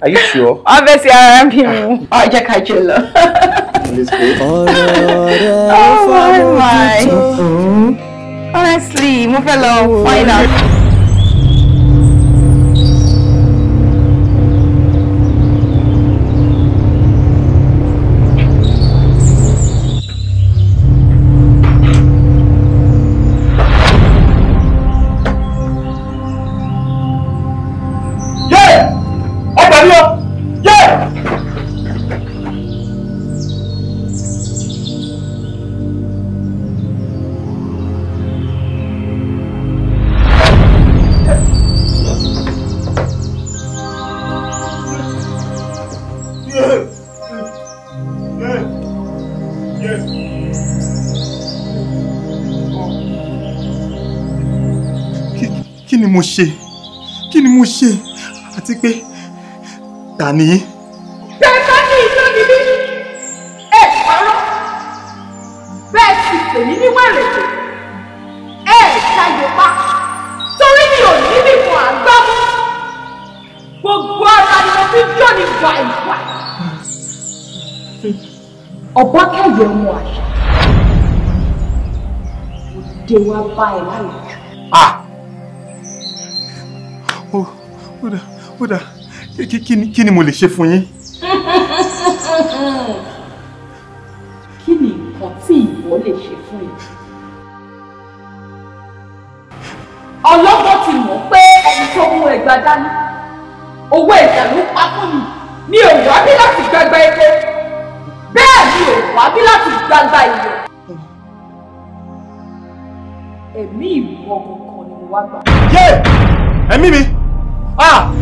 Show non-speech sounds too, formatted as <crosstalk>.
Are you sure? Obviously, I am him. I just ká jẹ Oh my Honestly, move along. find out. kí ni mo ṣe kí ni mo ṣe àti pé ta ni yín. tẹ̀sán ní ìjọ gidi ẹ parọ́ bẹ́ẹ̀ sì pè mí ní wẹ̀rẹ̀dẹ̀ ẹ ṣayò pa torí mi ò ní nìkan àgbá mú gbogbo ara ni mo fi jọ́ ní gbàyè. Ọ̀bákẹ́yẹ ọmọ àṣà òde wa bá ẹ lálejò. ó ó dà ó dà kí ni mo lè ṣe fún yín. <laughs> kí ni nǹkan tí ìwọ lè ṣe fún yín. ọlọ́gbọ́n ti mọ̀ pé ẹni tó mú ẹgbàá dání owó ẹ̀jẹ̀ ló pa fún mi mi ò wá bí láti gbàgbà epo bí láti gbangba ìlú. ẹ̀mí ìwọ kankan ni mo wá gbà. ẹ̀mí mi. Ah!